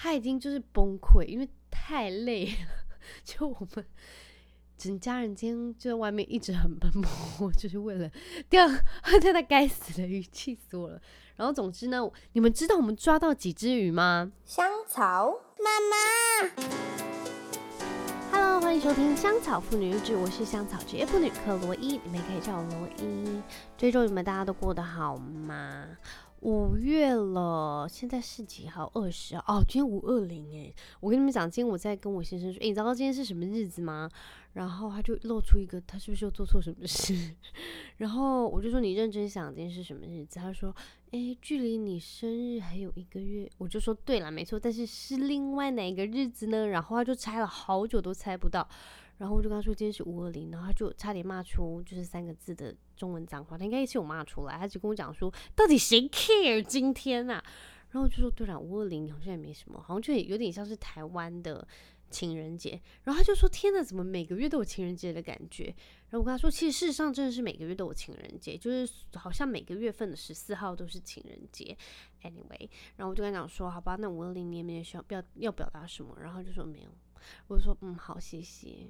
他已經就是崩潰，因為太累了。就我們整家人今天就在外面一直很奔波，就是為了釣釣那該死的魚，氣死我了。然後總之呢，你們知道我們抓到幾隻魚嗎？香草媽媽，Hello，歡迎收聽《香草婦女日志》，我是香草職業婦女克羅伊，你們也可以叫我羅伊。最近你們大家都過得好嗎？五月了，現在是幾號？二十啊！哦，今天五二零誒，我跟你們講，今天我在跟我先生說，誒，你知道今天是什麼日子嗎？然後他就露出一個，他是不是又做錯什麼事？然後我就說，你認真想今天是什麼日子？他說，誒，距離你生日還有一個月。我就說，對了，沒錯，但是是另外哪個日子呢？然後他就猜了好久都猜不到。然後我就跟他說今天是五二零，然後他就差點罵出就是三個字的中文髒話，他應該也是有罵出來。他就跟我講說到底誰 care 今天啊？然後我就說對了，五二零好像也沒什麼，好像就也有點像是台灣的情人節。然後他就說天哪，怎麼每個月都有情人節的感覺？然後我跟他說，其實事實上真的是每個月都有情人節，就是好像每個月份的十四號都是情人節。Anyway，然後我就跟他講說好吧，那五二零你也沒有需要，不要要表達什麼。然後就說沒有，我就說嗯好，謝謝。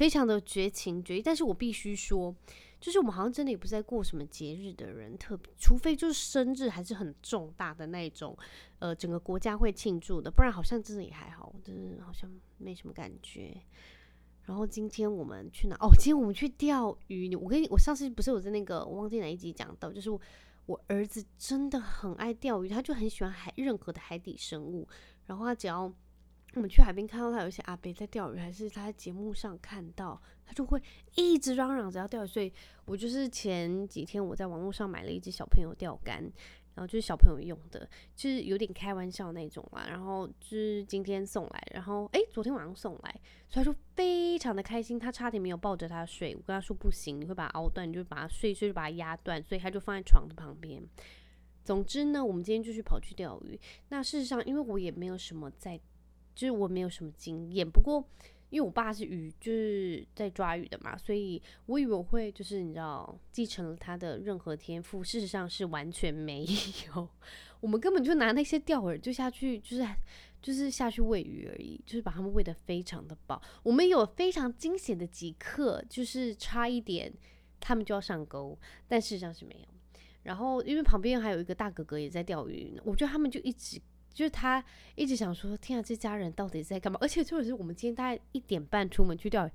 非常的絕情絕義，但是我必須說，就是我們好像真的也不是在過什麼節日的人特，除非就是生日還是很重大的那一種，呃，整個國家會慶祝的，不然好像真的也還好，就是好像沒什麼感覺。然後今天我們去哪？哦，今天我們去釣魚。我跟你，我上次不是我在那個我忘記哪一集講到，就是我，我兒子真的很愛釣魚，他就很喜歡海任何的海底生物，然後他只要。我們去海邊看到他有些阿伯在釣魚，還是他在節目上看到，他就會一直嚷嚷着要釣魚。所以我就是前幾天我在網絡上買了一只小朋友釣竿，然後就是小朋友用的，就是有點開玩笑那種嘛。然後就是今天送來，然後哎、欸，昨天晚上送來，所以他就非常的開心。他差點沒有抱着他睡，我跟他說不行，你會把他凹斷，你就把他睡睡就把他壓斷，所以他就放在床的旁邊。總之呢，我們今天就是跑去釣魚。那事實上，因為我也沒有什麼在。就是我沒有什麼經驗，不過因為我爸是魚，就是在抓魚的嘛，所以我以為我會就是你知道繼承了他的任何天賦，事實上是完全沒有。 我們根本就拿那些釣餌就下去，就是就是下去餵魚而已，就是把他們餵得非常的飽。我們有非常驚險的即刻，就是差一點他們就要上鈎，但事實上是沒有。然後因為旁邊還有一個大哥哥也在釣魚，我覺得他們就一直。就是他一直想說，天啊，這家人到底在幹嘛？而且就是我們今天大概一點半出門去釣魚，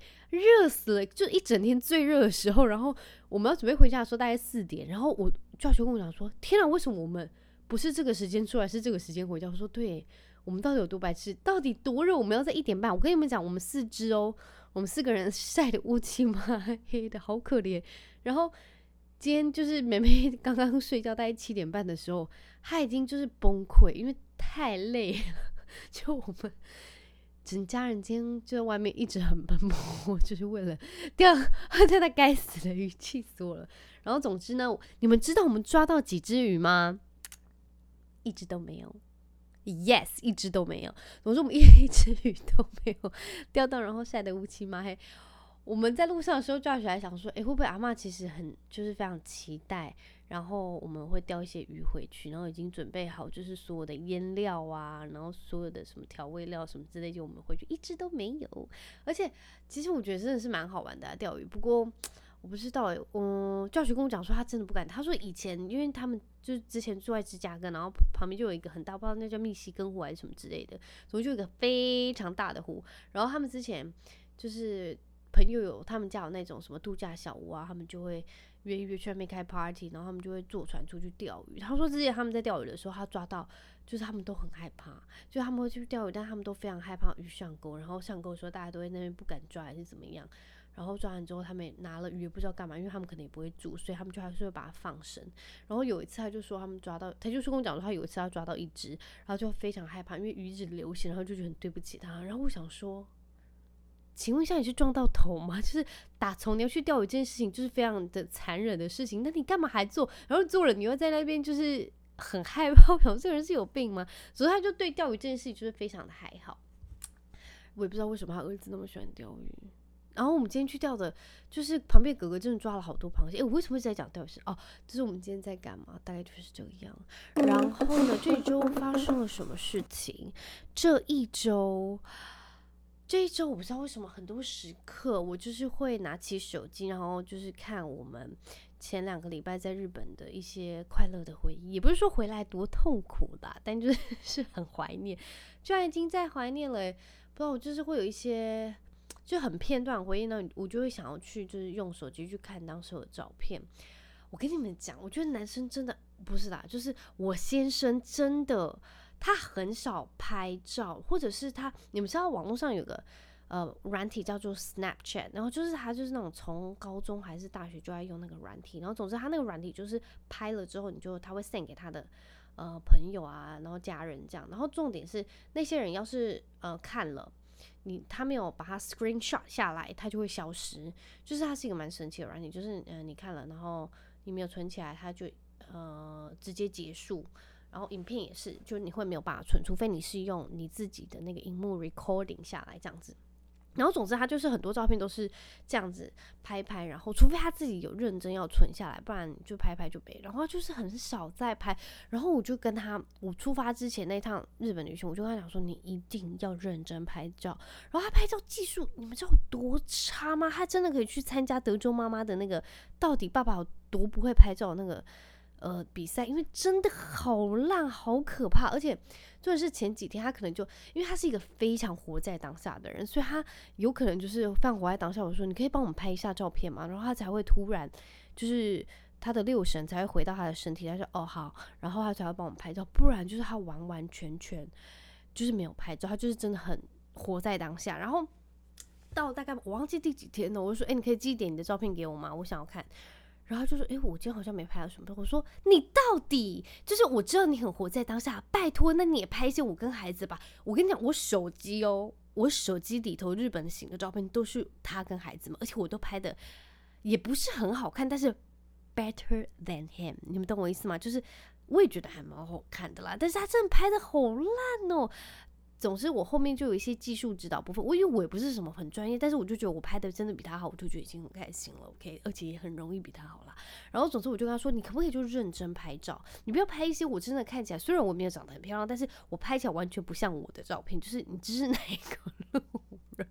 熱死了，就一整天最熱的時候。然後我們要準備回家的時候，大概四點。然後我趙學跟我講說，天啊，為什麼我們不是這個時間出來，是這個時間回家？我說，對，我們到底有多白痴？到底多熱？我們要在一點半？我跟你們講，我們四隻哦，我們四個人曬的烏漆嘛黑的，好可憐。然後今天就是妹妹剛剛睡覺，大概七點半的時候，他已經就是崩潰，因為。太累了，就我們整家人今天就在外面一直很奔波，我就是為了釣真的該死的魚，氣死我了。然後總之呢，你們知道我們抓到幾隻魚嗎？一隻都沒有，yes，一隻都沒有。總之我們一隻魚都沒有釣到，然後曬得烏漆嘛黑。我們在路上的時候，抓起來想說，哎，會不會阿嬤其實很就是非常期待？然後我們會釣一些魚回去，然後已經準備好，就是所有的醃料啊，然後所有的什麼調味料什麼之類，就我們回去一隻都沒有。而且其實我覺得真的是蠻好玩的、啊、釣魚，不過我不知道、欸、嗯，教學跟我講說他真的不敢，他說以前因為他們就之前住在芝加哥，然後旁邊就有一個很大，不知道那叫密西根湖還是什麼之類的，所以就有一個非常大的湖，然後他們之前就是朋友有他們家有那種什麼度假小屋啊，他們就會。約約，居然沒開 party，然後他們就會坐船出去釣魚。他說之前他們在釣魚的時候，他抓到，就是他們都很害怕，就他們會去釣魚，但他們都非常害怕魚上鈎，然後上鈎說大家都在那邊不敢抓還是怎麼樣。然後抓完之後，他們也拿了魚也不知道幹嘛，因為他們肯定也不會煮，所以他們就還是會把它放生。然後有一次他就說他們抓到，他就說跟我講說他有一次他抓到一只，然後就非常害怕，因為魚一直流血，然後就覺得很對不起他。然後我想說。請問一下，你是撞到頭嗎？就是打從你要去釣魚這件事情，就是非常的殘忍的事情，那你幹嘛還做？然後做了，你又在那邊就是很害怕，說這個人是有病嗎？所以他就對釣魚這件事情就是非常的還好。我也不知道為什麼他兒子那麼喜歡釣魚。然後我們今天去釣的，就是旁邊哥哥真的抓了好多螃蟹。哎，我為什麼一直在講釣魚事？哦，就是我們今天在幹嘛？大概就是這樣。然後呢，這一周發生了什麼事情？這一周。這一周我不知道為什麼很多時刻，我就是會拿起手機，然後就是看我們前兩個禮拜在日本的一些快樂的回憶。也不是說回來多痛苦啦，但就是， 是很懷念，居然已經在懷念了、欸。不知道，我就是會有一些就很片段回憶呢，我就會想要去就是用手機去看當時的照片。我跟你們講，我覺得男生真的不是啦，就是我先生真的。他很少拍照，或者是他，你們知道網絡上有個呃軟體叫做 Snapchat，然後就是他就是那種從高中還是大學就在用那個軟體，然後總之他那個軟體就是拍了之後你就他會 send 給他的呃朋友啊，然後家人這樣，然後重點是那些人要是呃看了你，他沒有把它 screenshot 下來，他就會消失，就是它是一個蠻神奇的軟體，就是嗯呃你看了然後你沒有存起來，它就呃直接結束。然後影片也是，就你會沒有辦法存，除非你是用你自己的那個熒幕 recording 下來這樣子。然後總之他就是很多照片都是這樣子拍拍，然後除非他自己有認真要存下來，不然就拍拍就沒。然後就是很少再拍。然後我就跟他，我出發之前那趟日本旅行，我就跟他講說，你一定要認真拍照。然後他拍照技術，你們知道有多差嗎？他真的可以去參加德州媽媽的那個，到底爸爸有多不會拍照那個。呃，比賽因為真的好爛，好可怕，而且，就是前幾天他可能就，因為他是一個非常活在當下的人，所以他有可能就是犯活在當下。我說，你可以幫我們拍一下照片嘛，然後他才會突然，就是他的六神才會回到他的身體。他說，哦，好。然後他才會幫我們拍照，不然就是他完完全全就是沒有拍照，他就是真的很活在當下。然後到大概我忘記第幾天了，我就說，欸，你可以寄一點你的照片給我嗎？我想要看。然後就說：“哎，我今天好像沒拍到什麼。”我說：“你到底就是我知道你很活在當下，拜託，那你也拍一些我跟孩子吧。”我跟你講，我手機哦，我手機裡頭日本行的照片都是他跟孩子嘛，而且我都拍的也不是很好看，但是 better than him，你們懂我意思嗎？就是我也覺得還蠻好看的啦，但是他真的拍的好爛哦。總之，我後面就有一些技術指導部分，我以為我也不是什麼很專業，但是我就覺得我拍的真的比他好，我就覺得已經很開心了，OK，而且也很容易比他好啦。然後總之我就跟他說，你可不可以就認真拍照，你不要拍一些我真的看起來，雖然我沒有長得很漂亮，但是我拍起來完全不像我的照片，就是你這是哪一個。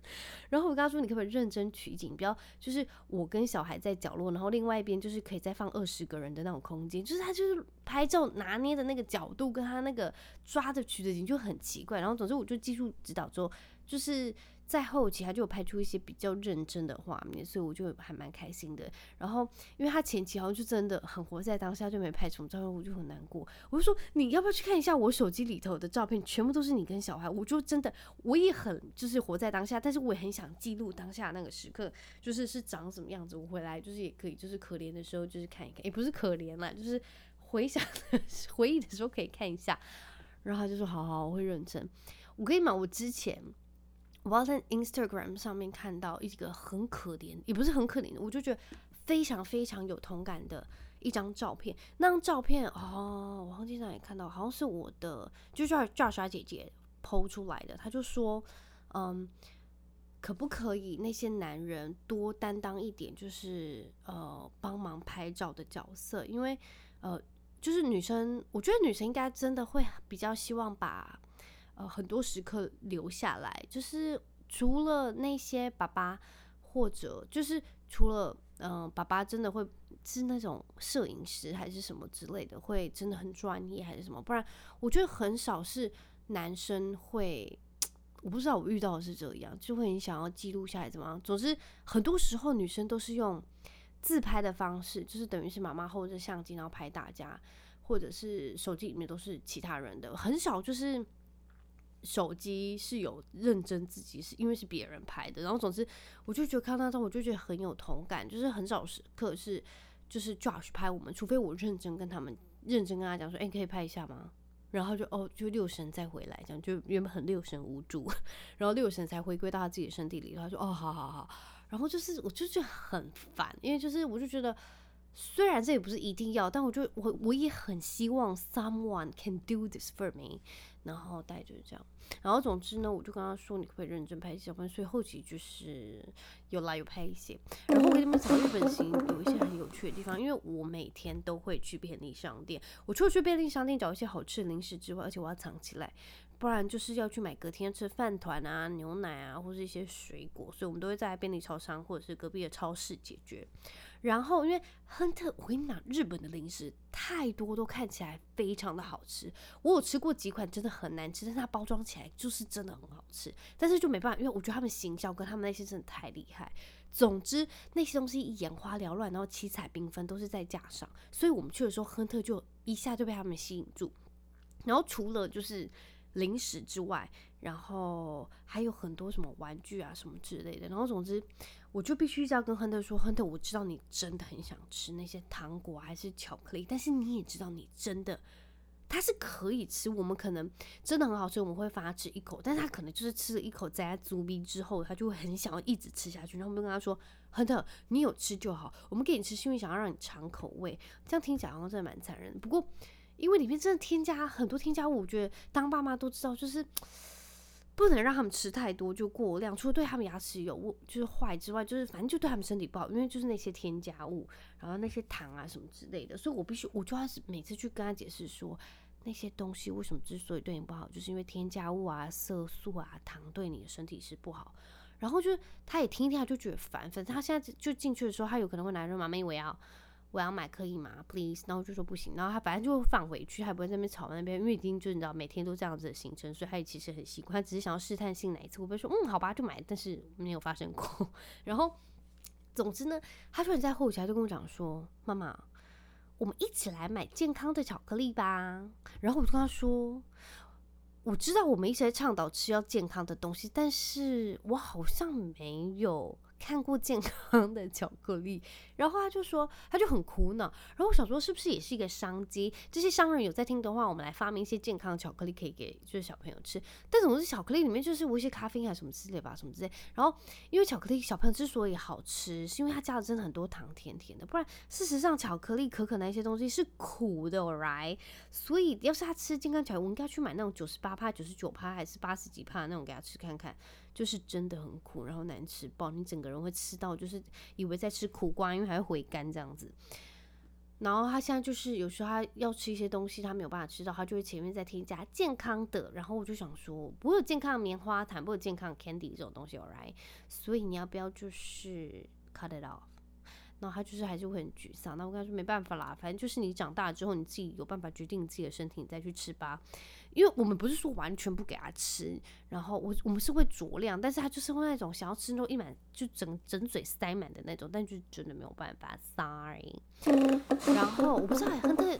然後我跟他說：“你可不可以認真取景，不要就是我跟小孩在角落，然後另外一邊就是可以再放二十個人的那種空間，就是他就是拍照拿捏的那個角度跟他那個抓著取的景就很奇怪。”然後總之我就技術指導之後，就是。在後期，他就拍出一些比較認真的畫面，所以我就還蠻開心的。然後，因為他前期好像就真的很活在當下，就沒拍什麼照片，我就很難過。我就說，你要不要去看一下我手機裡頭的照片？全部都是你跟小孩。我就真的，我也很就是活在當下，但是我也很想記錄當下那個時刻，就是是長什麼樣子。我回來就是也可以，就是可憐的時候就是看一看，也不是可憐啦，就是回想的回憶的時候可以看一下。然後他就說：好好，我會認真。我可以嗎？我之前。我在 Instagram 上面看到一個很可憐，也不是很可憐，我就覺得非常非常有同感的一張照片。那張照片哦，我好像經常也看到，好像是我的，就是 j o s 姐姐 PO 出來的。她就說，嗯，可不可以那些男人多擔當一點，就是呃，幫忙拍照的角色？因為呃，就是女生，我覺得女生應該真的會比較希望把。呃，很多時刻留下來，就是除了那些爸爸，或者就是除了嗯、呃，爸爸真的會是那種攝影師還是什麼之類的，會真的很專業還是什麼？不然我覺得很少是男生會，我不知道我遇到的是這樣，就會很想要記錄下來怎麼樣？總之，很多時候女生都是用自拍的方式，就是等於是媽媽或者相機然後拍大家，或者是手機裡面都是其他人的，很少就是。手機是有認真自己，是因為是別人拍的。然後總之，我就覺得看到那張，我就覺得很有同感。就是很少時刻是，就是 Josh 拍我們，除非我認真跟他們認真跟他講說：“哎、欸，可以拍一下嗎？”然後就哦，就六神再回來，講，就原本很六神無主，然後六神才回歸到他自己身體裡。然後就哦，好好好好。”然後就是我就覺得很煩，因為就是我就覺得，雖然這也不是一定要，但我就我我也很希望 someone can do this for me。然後大概就是這樣，然後總之呢，我就跟他說，你會認真拍一些，所以後期就是又拉又拍一些。然後我跟你們講，日本行有一些很有趣的地方，因為我每天都會去便利商店，我除了去便利商店找一些好吃的零食之外，而且我要藏起來。不然就是要去買隔天吃飯團啊、牛奶啊，或是一些水果，所以我們都會在便利超商或者是隔壁的超市解決。然後，因為亨特，我跟你講，日本的零食太多，都看起來非常的好吃。我有吃過幾款真的很難吃，但它包裝起來就是真的很好吃。但是就沒辦法，因為我覺得他們行銷跟他們那些真的太厲害。總之，那些東西眼花繚亂，然後七彩繽紛，都是在架上。所以我們去的時候，亨特就一下就被他們吸引住。然後除了就是。零食之外，然後還有很多什麼玩具啊、什麼之類的。然後總之，我就必須要跟亨特說，亨特，我知道你真的很想吃那些糖果、啊、還是巧克力，但是你也知道，你真的他是可以吃。我們可能真的很好吃，我們會放他吃一口，但是他可能就是吃了一口在他嘴邊之後，他就會很想要一直吃下去。然後我們跟他說，亨特，你有吃就好，我們給你吃是因為想要讓你嘗口味。這樣聽起來好像真的蠻殘忍，不過。因為裡面真的添加很多添加物，我覺得當爸媽都知道，就是不能讓他們吃太多，就過量，除了對他們牙齒有，就是壞之外，就是反正就對他們身體不好，因為就是那些添加物，然後那些糖啊什麼之類的，所以我必須我就要是每次去跟他解釋說，那些東西為什麼之所以對你不好，就是因為添加物啊、色素啊、糖對你的身體是不好，然後就是他也聽一聽他就覺得煩，反正他現在就進去的時候，他有可能會男人媽媽要，因為我要買可以嗎？Please，然後就說不行，然後他反正就會放回去，還不會在那邊吵那邊，因為已經就你知道，每天都這樣子的行程，所以他也其實很習慣，他只是想要試探性哪一次我不會說，嗯，好吧，就買，但是沒有發生過。然後，總之呢，他說你在後頭，他就跟我講說，媽媽，我們一起來買健康的巧克力吧。然後我就跟他說，我知道我們一直在倡導吃要健康的東西，但是我好像沒有。看過健康的巧克力，然後他就說，他就很苦惱，然後我想說是不是也是一個商機？這些商人有在聽的話，我們來發明一些健康的巧克力，可以給就是小朋友吃。但總之巧克力裡面就是有一些咖啡啊還是什麼之類的吧，什麼之類。然後因為巧克力小朋友之所以好吃，是因為他加了真的很多糖，甜甜的。不然事實上巧克力、可可那些東西是苦的，right？所以要是他吃健康巧克力，我們應該去買那種九十八趴、九十九趴還是八十幾趴那種給他吃看看。就是真的很苦，然後難吃爆，你整個人會吃到，就是以為在吃苦瓜，因為還會回甘這樣子。然後他現在就是有時候他要吃一些東西，他沒有辦法吃到，他就會前面再添加健康的。然後我就想說，不會有健康的棉花糖，不會有健康的 candy 這種東西，All right，所以你要不要就是 cut it off？然後他就是還是會很沮喪。那我跟他說沒辦法啦，反正就是你長大之後，你自己有辦法決定你自己的身體，你再去吃吧。因為我們不是說完全不給他吃，然後我我們是會酌量，但是他就是會那種想要吃那種一滿就整整嘴塞滿的那種，但就真的沒有辦法，sorry。然後我不知道，反正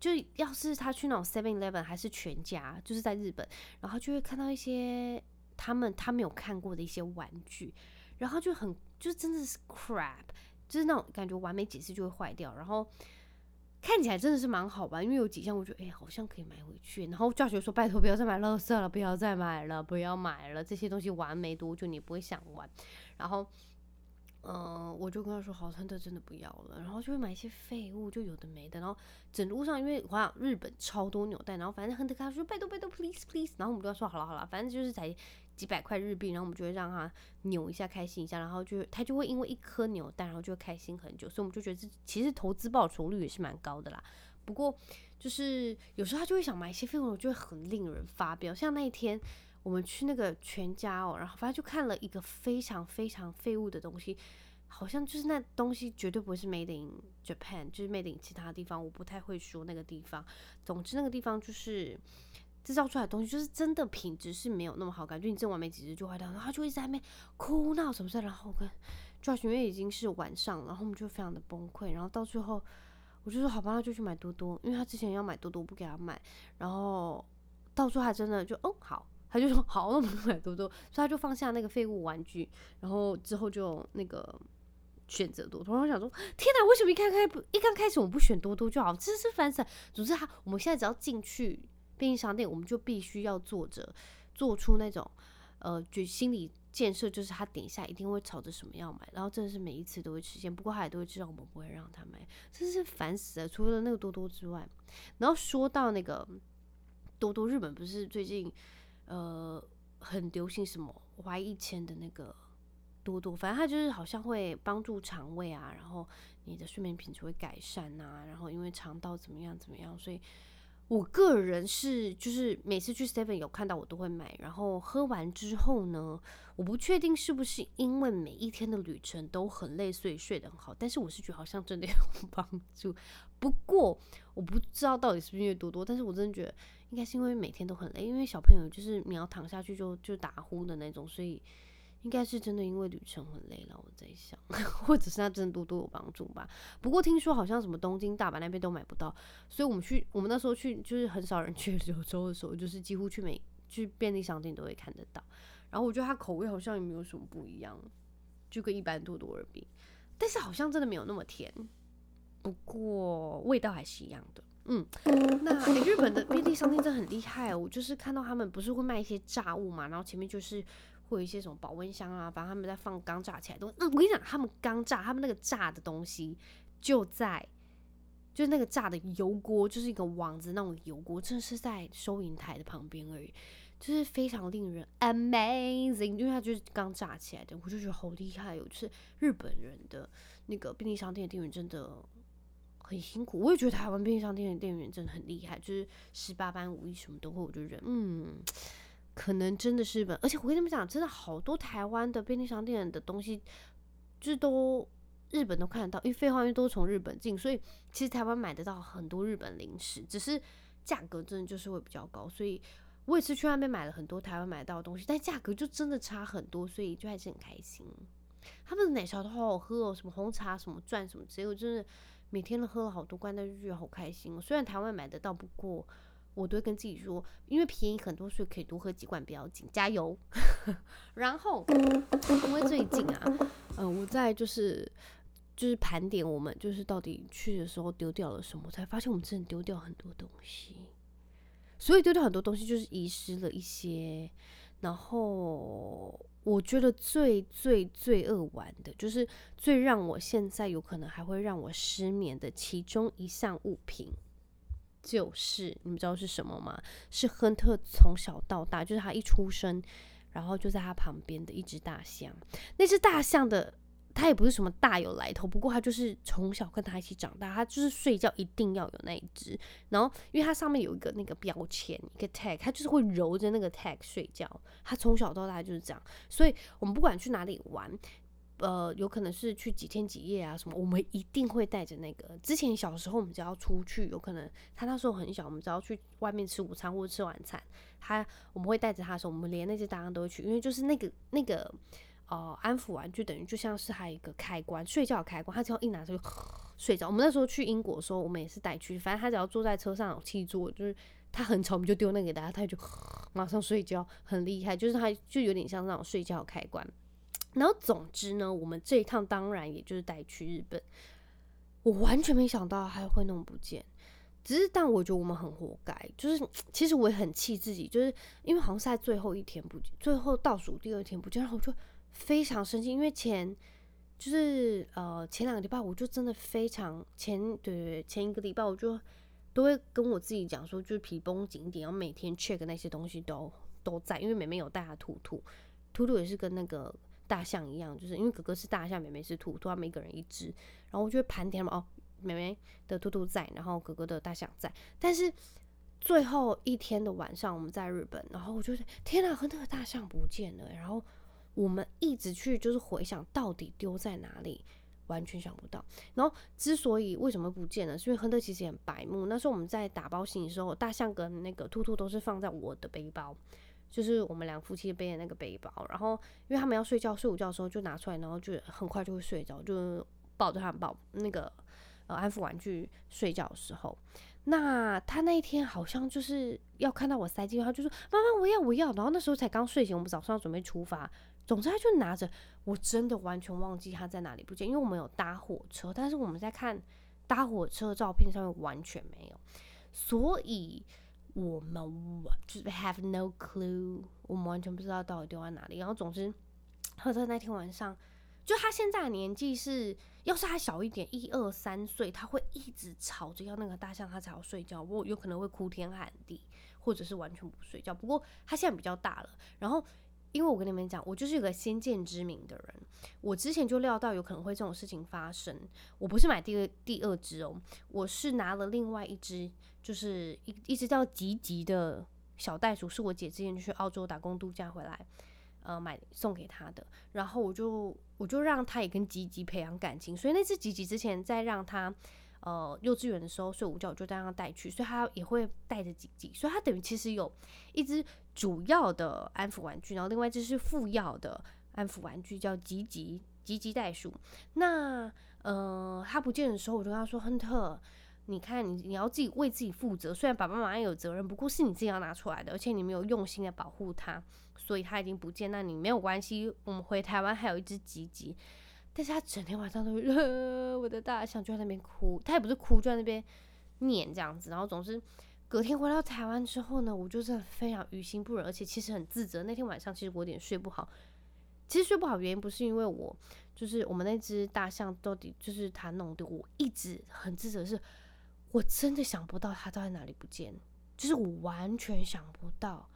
就要是他去那種 Seven Eleven 還是全家，就是在日本，然後就會看到一些他們他沒有看過的一些玩具，然後就很就是真的是 crap，就是那種感覺玩沒幾次就會壞掉，然後。看起來真的是蠻好玩，因為有幾項我覺得誒，好像可以買回去。然後教學說，拜托不要再買垃圾了，不要再買了，不要買了，這些東西玩沒多就你不會想玩。然後，嗯、呃，我就跟他說好像他真的不要了。然後就會買一些廢物，就有的沒的。然後整路上因為好像日本超多扭蛋，然後反正亨特他說拜托拜托 please please，然後我們都要說好了好了，反正就是在，幾百塊日幣，然後我們就會讓他扭一下，開心一下，然後就他就會因為一顆扭蛋，然後就會開心很久，所以我們就覺得其實投資報酬率也是蠻高的啦。不過就是有時候他就會想買一些廢物，我覺得很令人發飆。像那一天我們去那個全家哦、喔，然後反正就看了一個非常非常廢物的東西，好像就是那東西絕對不是 Made in Japan，就是 Made in 其他地方，我不太會說那個地方。總之那個地方就是。製造出來的東西就是真的品質是沒有那麼好，感覺你掙完沒幾隻就壞掉，然後他就一直在那邊哭鬧什麼的，然後跟 Josh 因為已經是晚上，然後我們就非常的崩潰，然後到最後我就說好吧，那就去買多多，因為他之前要買多多我不給他買，然後到最後還真的就哦好，他就說好，那我們買多多，所以他就放下那個廢物玩具，然後之後就那個選擇多多，我想說天哪、啊，為什麼一開開一剛開始我不選多多就好，真是煩死了，總之他我們現在只要進去便利商店，我們就必須要做着，做出那種，呃，就心理建設，就是他等一下一定會吵着什麼要買，然後真的是每一次都會出現。不過他也都會知道我們不會讓他買，真是煩死了。除了那個多多之外，然後說到那個多多，日本不是最近，呃，很流行什麼懷疑一千的那個多多，反正他就是好像會幫助腸胃啊，然後你的睡眠品質會改善吶、啊，然後因為腸道怎麼樣怎麼樣，所以。我個人是，就是每次去 Seven 有看到我都會買，然後喝完之後呢，我不確定是不是因為每一天的旅程都很累，所以睡得很好。但是我是覺得好像真的有幫助，不過我不知道到底是不是因為多多，但是我真的覺得應該是因為每天都很累，因為小朋友就是你要躺下去就就打呼的那種，所以。應該是真的，因為旅程很累了，我在想，或者是那真的多多有幫助吧。不過聽說好像什麼東京、大阪那邊都買不到，所以我們去我們那時候去就是很少人去九州的時候，就是幾乎去每去便利商店都會看得到。然後我覺得它口味好像也沒有什麼不一樣，就跟一般多多而餅，但是好像真的沒有那麼甜。不過味道還是一樣的。嗯，那、欸、日本的便利商店真的很厲害，我就是看到他們不是會賣一些炸物嘛，然後前面就是。會有一些什麼保溫箱啊，反正他們在放剛炸起來的東西、嗯、我跟你講，他們剛炸，他們那個炸的東西就在，就是那個炸的油鍋，就是一個網子那種油鍋，真是在收銀台的旁邊而已，就是非常令人 amazing，因為他就是剛炸起來的，我就覺得好厲害喲。我就是日本人的那個便利商店的店員真的很辛苦，我也覺得台灣便利商店的店員真的很厲害，就是十八般武藝什麼都會，我就覺得嗯。可能真的是日本，而且我跟你們講，真的好多台灣的便利商店的東西，就都日本都看得到。因為廢話，因為都從日本進，所以其實台灣買得到很多日本零食，只是價格真的就是會比較高。所以我也是去那邊買了很多台灣買到的東西，但價格就真的差很多，所以就還是很開心。他們的奶茶都好好喝哦、喔，什麼紅茶、什麼鑽什麼，結果真的每天都喝了好多罐，但是好開心、喔。雖然台灣買得到，不過。我都會跟自己說，因為便宜很多，所以可以多喝幾罐，不要緊，加油。 然後，因為最近啊，嗯、呃，我在就是就是盤點我們，就是到底去的時候丟掉了什麼，才發現我們真的丟掉很多東西。所以丟掉很多東西，就是遺失了一些。然後，我覺得最最最惡玩的就是最讓我現在有可能還會讓我失眠的其中一項物品。就是你們知道是什麼嗎？是亨特從小到大，就是他一出生，然後就在他旁邊的一隻大象。那隻大象的，它也不是什麼大有來頭，不過它就是從小跟他一起長大。它就是睡覺一定要有那一隻，然後因為它上面有一個那個標籤，一個 tag，它就是會揉着那個 tag 睡覺。它從小到大就是這樣，所以我們不管去哪裡玩。呃，有可能是去幾天幾夜啊什麼？我們一定會帶着那個。之前小時候我們只要出去，有可能他那時候很小，我們只要去外面吃午餐或者吃晚餐，他我們會帶着他的時候，我們連那些大人都會去，因為就是那個那個哦、呃、安撫玩具，等於就像是他一個開關，睡覺開關，他只要一拿出來就睡着。我們那時候去英國的時候，我們也是帶去，反正他只要坐在車上，有七座，就是他很吵，我們就丟那給大家，他就馬上睡覺，很厲害，就是他就有點像那種睡覺開關。然後總之呢，我們這一趟當然也就是帶去日本，我完全沒想到還會弄不見。只是，但我覺得我們很活該。就是，其實我也很氣自己，就是因為好像是在最後一天不見，最後倒數第二天不見，然後我就非常生氣。因為前就是呃前兩個禮拜，我就真的非常前對對前一個禮拜，我就都會跟我自己講說，就是皮繃緊一點，然後每天 check 那些東西都都在，因為每每有帶阿圖圖，圖圖也是跟那個。大象一樣，就是因為哥哥是大象，妹妹是兔兔，他們一個人一只。然後我就盤點哦，妹妹的兔兔在，然後哥哥的大象在。但是最後一天的晚上，我們在日本，然後我就是天哪、啊，亨特的大象不見了。然後我們一直去就是回想到底丟在哪裡，完全想不到。然後之所以為什麼不見了，是因為亨特其實很白目。那時候我們在打包行李的時候，大象跟那個兔兔都是放在我的背包。就是我們兩夫妻背的那個背包，然後因為他們要睡覺、睡午覺的時候就拿出來，然後就很快就會睡着，就抱着他們抱那個呃安撫玩具睡覺的時候。那他那一天好像就是要看到我塞進去，他就說：“媽媽，我要，我要。”然後那時候才剛睡醒，我們早上準備出發。總之，他就拿着，我真的完全忘記他在哪裡不見，因為我們有搭火車，但是我們在看搭火車的照片上面完全沒有，所以。我們就是 have no clue，我們完全不知道到底丟在哪裡。然後總之，他在那天晚上，就他現在的年紀是，要是他小一點，一二三歲，他會一直吵着要那個大象，他才要睡覺，我有可能會哭天喊地，或者是完全不睡覺。不過他現在比較大了，然後因為我跟你們講，我就是一個先見之明的人，我之前就料到有可能會這種事情發生。我不是買第二第二隻哦，我是拿了另外一隻。就是一一隻叫吉吉的小袋鼠，是我姐之前去澳洲打工度假回來，呃，買送給她的。然後我就我就讓她也跟吉吉培養感情，所以那隻吉吉之前在讓她呃幼稚園的時候睡午覺，我，我就讓她帶去，所以她也會帶着吉吉，所以她等於其實有一隻主要的安撫玩具，然後另外一隻是副要的安撫玩具，叫吉吉吉吉袋鼠。那呃她不見的時候，我就跟她說，亨特。你看，你你要自己為自己負責。雖然爸爸媽媽有責任，不過是你自己要拿出來的，而且你沒有用心的保護它，所以它已經不見。那你沒有關係。我們回台灣還有一只吉吉，但是它整天晚上都會呃，我的大象就在那邊哭，它也不是哭，就在那邊念這樣子。然後總是隔天回到台灣之後呢，我就是非常於心不忍，而且其實很自責。那天晚上其實我有點睡不好，其實睡不好原因不是因為我，就是我們那只大象到底就是它弄的，我一直很自責是。我真的想不到他到底哪裡不見，就是我完全想不到。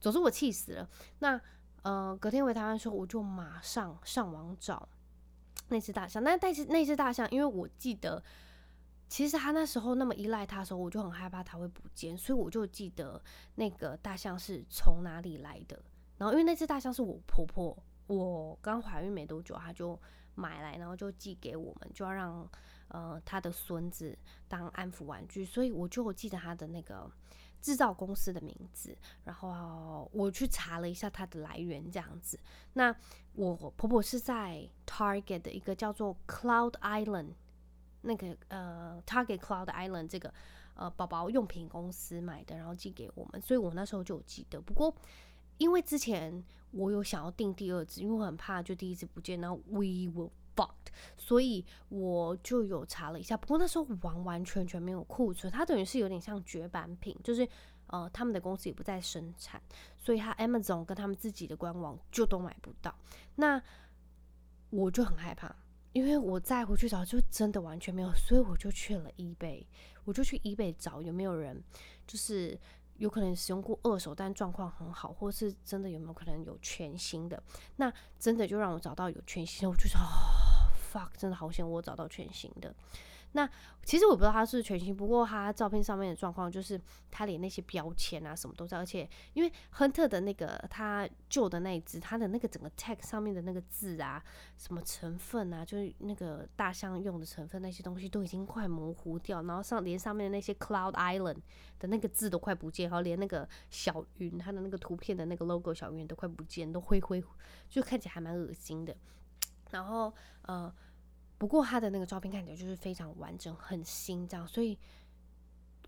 總之我氣死了。那呃，隔天回台灣的時候，我就馬上上網找那隻大象。但那但是那隻大象，因為我記得，其實他那時候那麼依賴它的時候，我就很害怕他會不見，所以我就記得那個大象是從哪裡來的。然後因為那隻大象是我婆婆，我剛懷孕沒多久，她就買來，然後就寄給我們，就要讓。呃，他的孫子當安撫玩具，所以我就記得他的那個製造公司的名字，然後我去查了一下它的來源，這樣子。那我婆婆是在 Target 的一個叫做 Cloud Island 那個呃，Target Cloud Island 這個呃寶寶用品公司買的，然後寄給我們，所以我那時候就有記得。不過因為之前我有想要訂第二隻，因為我很怕就第一隻不見，然後 We will。Bought, 所以我就有查了一下，不過那時候完完全全沒有庫存，它等於是有點像絕版品，就是呃，他們的公司也不再生產，所以他 Amazon 跟他們自己的官網就都買不到。那我就很害怕，因為我再回去找，就真的完全沒有，所以我就去了 Ebay，我就去 Ebay 找有沒有人，就是有可能使用過二手，但狀況很好，或是真的有沒有可能有全新的？那真的就讓我找到有全新的，我就說。哦 fuck，真的好險，我找到全新的。那其實我不知道它是全新，不過它照片上面的狀況就是，它連那些標籤啊什麼都在，而且因為亨特的那個，它舊的那一隻，它的那個整個 tag 上面的那個字啊，什麼成分啊，就是那個大象用的成分那些東西都已經快模糊掉，然後上連上面的那些 Cloud Island 的那個字都快不見，然後連那個小雲它的那個圖片的那個 logo 小雲都快不見，都灰灰，就看起來還蠻噁心的。然後，呃，不過他的那個照片看起來就是非常完整、很新這樣，所以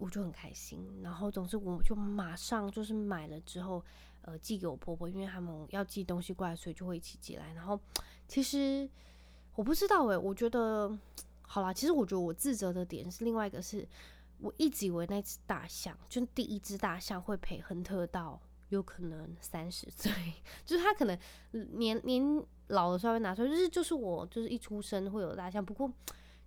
我就很開心。然後，總之我就馬上就是買了之後，呃，寄給我婆婆，因為他們要寄東西過來，所以就會一起寄來。然後，其實我不知道哎，我覺得，好啦，其實我覺得我自責的點是另外一個是，是我一直以為那只大象，就第一只大象會陪亨特到有可能三十歲，就是他可能年年。老的稍微拿出來，就是就是我就是一出生會有大象，不過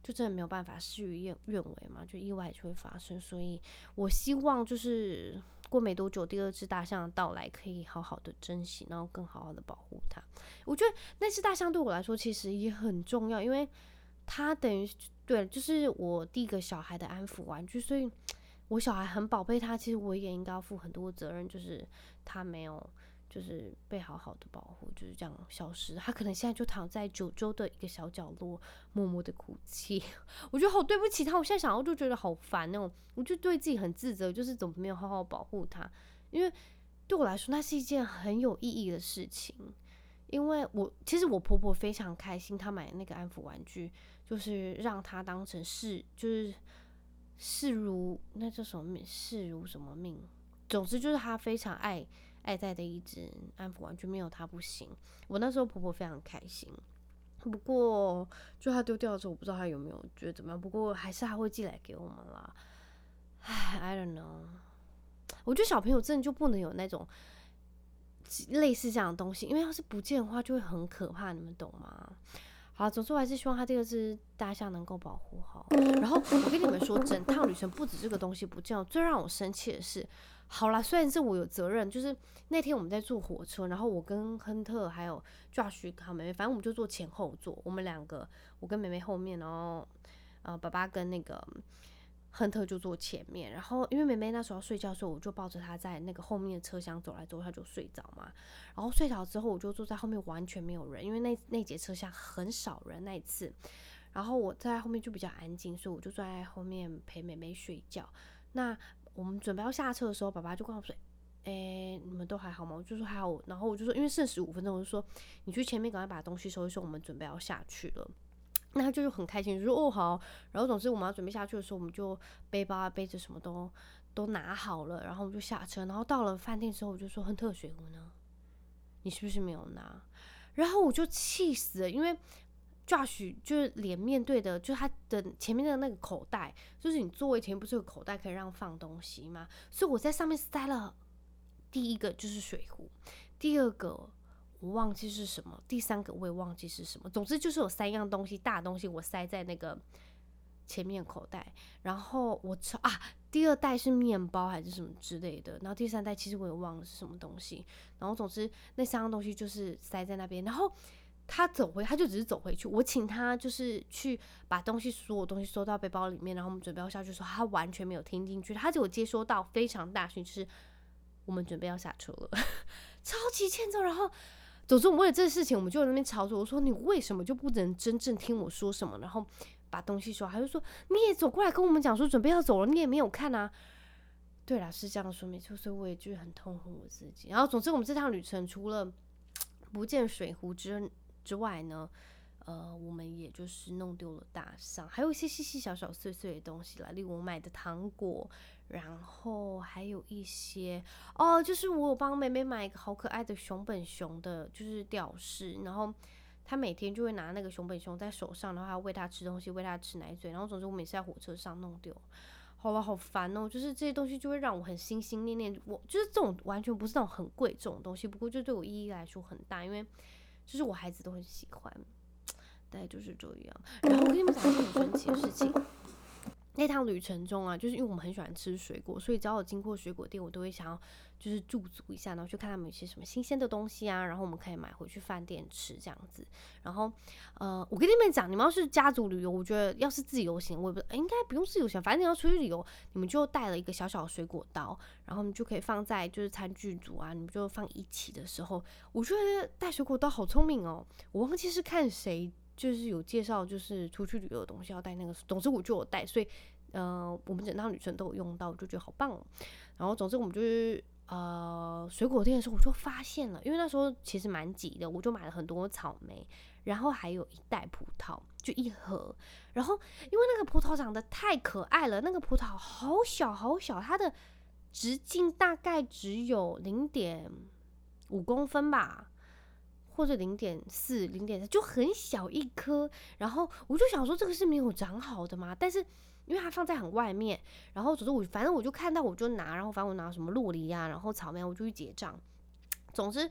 就真的沒有辦法，事與願願違嘛，就意外就會發生。所以我希望就是過沒多久，第二隻大象的到來可以好好的珍惜，然後更好好的保護它。我覺得那隻大象對我來說其實也很重要，因為它等於對，就是我第一個小孩的安撫玩具，就所以我小孩很寶貝它。其實我也應該要負很多責任，就是他沒有。就是被好好的保護，就是這樣消失。他可能現在就躺在九州的一個小角落，默默的哭泣。我覺得好對不起他。我現在想，我就覺得好煩那種，我就對自己很自責，就是怎麼沒有好好保護他。因為對我來說，那是一件很有意義的事情。因為我其實我婆婆非常開心，她買那個安撫玩具，就是讓他當成是，就是視如那叫什麼命，視如什麼命。總之就是他非常愛。愛在的一直安撫，完全沒有他不行。我那時候婆婆非常開心，不過就他丟掉了之後，我不知道他有沒有覺得怎麼樣。不過還是他會寄來給我們啦。唉，I don't know。我覺得小朋友真的就不能有那種類似這樣的東西，因為要是不見的話就會很可怕，你們懂嗎？好、啊，總之我還是希望他這個是大象能夠保護好。然後我跟你們說，整趟旅程不止這個東西不見了，最讓我生氣的是，好啦，雖然是我有責任，就是那天我們在坐火車，然後我跟亨特還有 Josh 和妹妹，反正我們就坐前後座，我們兩個我跟妹妹後面，然後呃，爸爸跟那個。亨特就坐前面，然後因為妹妹那時候要睡覺的時候，所以我就抱着她在那個後面的車廂走來走，她就睡着嘛。然後睡着之後，我就坐在後面，完全沒有人，因為那那節車廂很少人那一次。然後我在後面就比較安靜，所以我就坐在後面陪妹妹睡覺。那我們準備要下車的時候，爸爸就跟我說：“哎、欸，你們都還好嗎？”我就說：“還好。”然後我就說：“因為剩十五分鐘，我就說你去前面趕快把東西收拾，說我們準備要下去了。”那他就很開心，說哦，好，然後總之我們要準備下去的時候，我們就背包啊、杯子什麼都都拿好了，然後我們就下車，然後到了飯店之後我就說：“ 亨特的水壺呢？你是不是沒有拿？”然後我就氣死了，因為 Josh，就是臉面對的，就他的前面的那個口袋，就是你座位前不是有口袋可以讓放東西嗎？所以我在上面塞了第一個就是水壺，第二個。我忘記是什麼，第三個我也忘記是什麼。總之就是有三樣東西，大東西我塞在那個前面口袋，然後我啊，第二袋是麵包還是什麼之類的，然後第三袋其實我也忘了是什麼東西。然後總之那三樣東西就是塞在那邊。然後他走回，他就只是走回去。我請他就是去把東西所有東西收到背包裡面。然後我們準備要下去的時候，他完全沒有聽進去，他就有接收到非常大訊息，就是我們準備要下車了，超級欠揍。然後。總之，我為了這事情，我們就在那邊吵着。我說，你為什麼就不能真正聽我說什麼？然後把東西說，還是說你也走過來跟我們講說準備要走了，你也沒有看啊。對啦，是這樣說沒錯，所以我也就很痛恨我自己。然後，總之我們這趟旅程除了不見水壺之之外呢，呃，我們也就是弄丟了大象，還有一些細細小小碎碎的東西啦，例如我買的糖果。然後還有一些哦，就是我有幫妹妹買一個好可愛的熊本熊的，就是吊飾。然後她每天就會拿那個熊本熊在手上，然後還餵她吃東西，餵她吃奶嘴。然後總之，我每次在火車上弄丟，好了，好煩哦。就是這些東西就會讓我很心心念念。我就是這種完全不是那種很貴這種東西，不過就對我意義來說很大，因為就是我孩子都很喜歡。大概就是這樣。然後我跟你們講一件很神奇的事情。那趟旅程中啊，就是因為我們很喜歡吃水果，所以只要有經過水果店，我都會想要就是駐足一下，然後去看他們有些什麼新鮮的東西啊，然後我們可以買回去飯店吃這樣子。然後，呃，我跟你們講，你們要是家族旅遊，我覺得要是自由行，我也不、欸、應該不用自由行，反正你要出去旅遊，你們就帶了一個小小的水果刀，然後你就可以放在就是餐具組啊，你們就放一起的時候，我覺得帶水果刀好聰明哦。我忘記是看誰。就是有介紹，就是出去旅遊的東西要帶那個，總之我就有帶，所以，呃，我們整趟旅程都有用到，就覺得好棒哦。然後，總之我們就是呃水果店的時候，我就發現了，因為那時候其實蠻擠的，我就買了很多草莓，然後還有一袋葡萄，就一盒。然後，因為那個葡萄長得太可愛了，那個葡萄好小好小，它的直徑大概只有零點五公分吧。或者零點四、零點三，就很小一顆。然後我就想說，這個是沒有長好的嘛？但是因為它放在很外面，然後總之我反正我就看到我就拿，然後反正我拿什麼酪梨呀，啊，然後草莓我就去結賬。總之，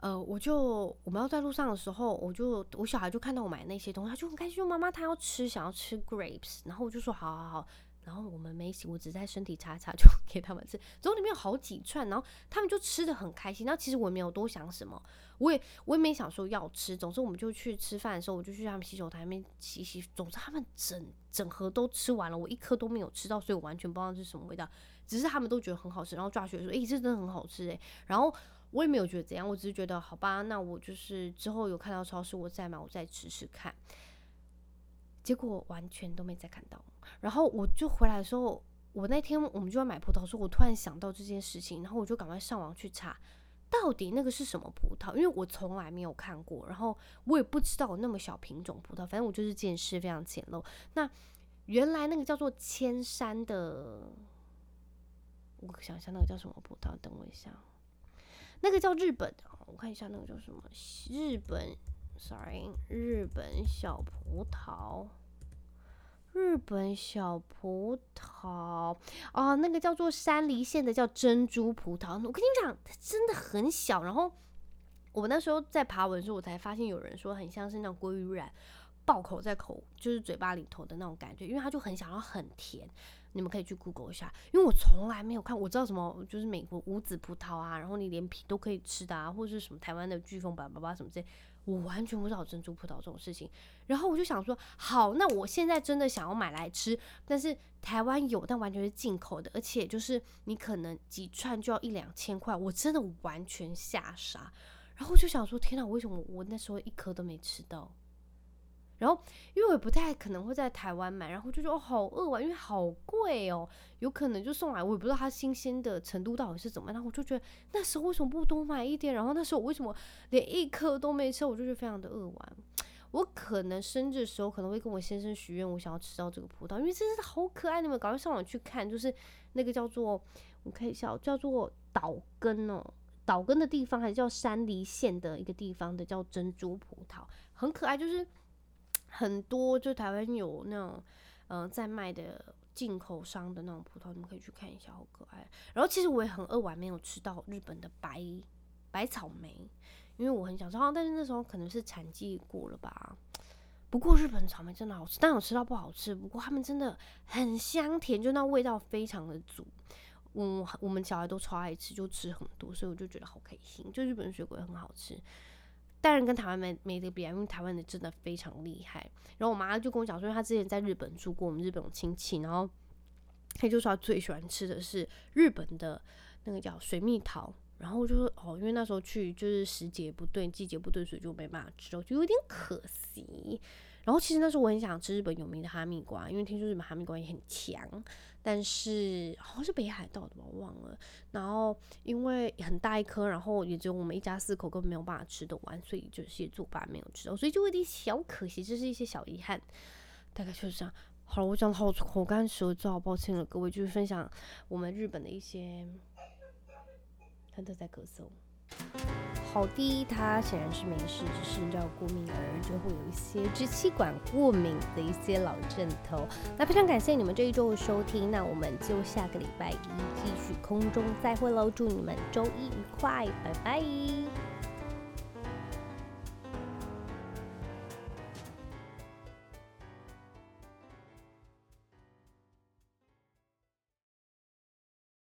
呃，我就我們要在路上的時候，我就我小孩就看到我買那些東西，他就很開心，說媽媽他要吃，想要吃 grapes。然後我就說，好好好。然後我們沒洗，我只在身體擦擦就給他們吃。然後裡面有好幾串，然後他們就吃得很開心。那其實我也沒有多想什麼，我也我也沒想說要吃。總之我們就去吃飯的時候，我就去他們洗手台那邊洗洗。總之他們整整盒都吃完了，我一顆都沒有吃到，所以我完全不知道是什麼味道。只是他們都覺得很好吃，然後抓學說：“誒，這真的很好吃誒。”然後我也沒有覺得怎樣，我只是覺得好吧，那我就是之後有看到超市我再買，我再吃吃看。結果完全都沒再看到，然後我就回來的時候，我那天我們就要買葡萄的時候，我突然想到這件事情，然後我就趕快上網去查，到底那個是什麼葡萄，因為我從來沒有看過，然後我也不知道有那麼小品種葡萄，反正我就是見識非常簡陋。那原來那個叫做千山的，我想一下那個叫什麼葡萄，等我一下，那個叫日本，哦，我看一下那個叫什麼日本。Sorry，日本小葡萄，日本小葡萄啊、哦，那個叫做山梨縣的叫珍珠葡萄。我跟你們講，它真的很小。然後我那時候在爬文的時候，我才發現有人說很像是那種鮭魚軟爆口在口，就是嘴巴裡頭的那種感覺，因為它就很小，要很甜。你們可以去 Google 一下，因為我從來沒有看。我知道什麼就是美國無籽葡萄啊，然後你連皮都可以吃的啊，或者是什麼台灣的巨峰爸爸什麼之類。我完全不知道珍珠葡萄這種事情，然後我就想說，好，那我現在真的想要買來吃，但是台灣有，但完全是進口的，而且就是你可能幾串就要一兩千塊，我真的完全嚇傻，然後就想說，天吶，為什麼我，我那時候一顆都沒吃到？然後，因為我也不太可能會在台灣買，然後就覺得哦好餓啊，因為好貴哦，有可能就送來，我也不知道它新鮮的程度到底是怎麼樣。然後我就覺得那時候為什麼不多買一點？然後那時候我為什麼連一顆都沒吃？我就覺得非常的餓啊。我可能生日的時候可能會跟我先生許願，我想要吃到這個葡萄，因為真的好可愛，你們趕快上網去看，就是那個叫做我看一下，叫做島根哦，島根的地方還是叫山梨縣的一個地方的叫珍珠葡萄，很可愛，就是。很多就台灣有那種，嗯、呃，在賣的進口商的那種葡萄，你們可以去看一下，好可愛。然後其實我也很餓，我還沒有吃到日本的白白草莓，因為我很想吃，哦，但是那時候可能是產季過了吧。不過日本草莓真的好吃，但我吃到不好吃。不過他們真的很香甜，就那味道非常的足。我我，我們小孩都超愛吃，就吃很多，所以我就覺得好開心。就日本水果也很好吃。當然跟台灣沒沒得比啊，因為台灣的真的非常厲害。然後我媽就跟我講說，因為她之前在日本住過，我們日本的親戚，然後她就說她最喜歡吃的是日本的那個叫水蜜桃。然後我就說哦，因為那時候去就是時節不對，季節不對，所以就沒辦法吃，我就有點可惜。然後其實那時候我很想吃日本有名的哈密瓜，因為聽說日本哈密瓜也很強，但是好像、哦、是北海道的吧，我忘了。然後因為很大一顆，然後也只有我們一家四口根本沒有辦法吃得完，所以就是作罷沒有吃到，所以就有點小可惜，這是一些小遺憾，大概就是這樣。好，我想好，好了，我講的好口乾舌燥，抱歉了各位，就是分享我們日本的一些，真的在咳嗽。好的，它顯然是沒事，只是你知道過敏，而就會有一些支氣管過敏的一些老症頭。那非常感謝你們這一周的收聽，那我們就下個禮拜一繼續空中再會嘍，祝你們周一愉快，拜拜。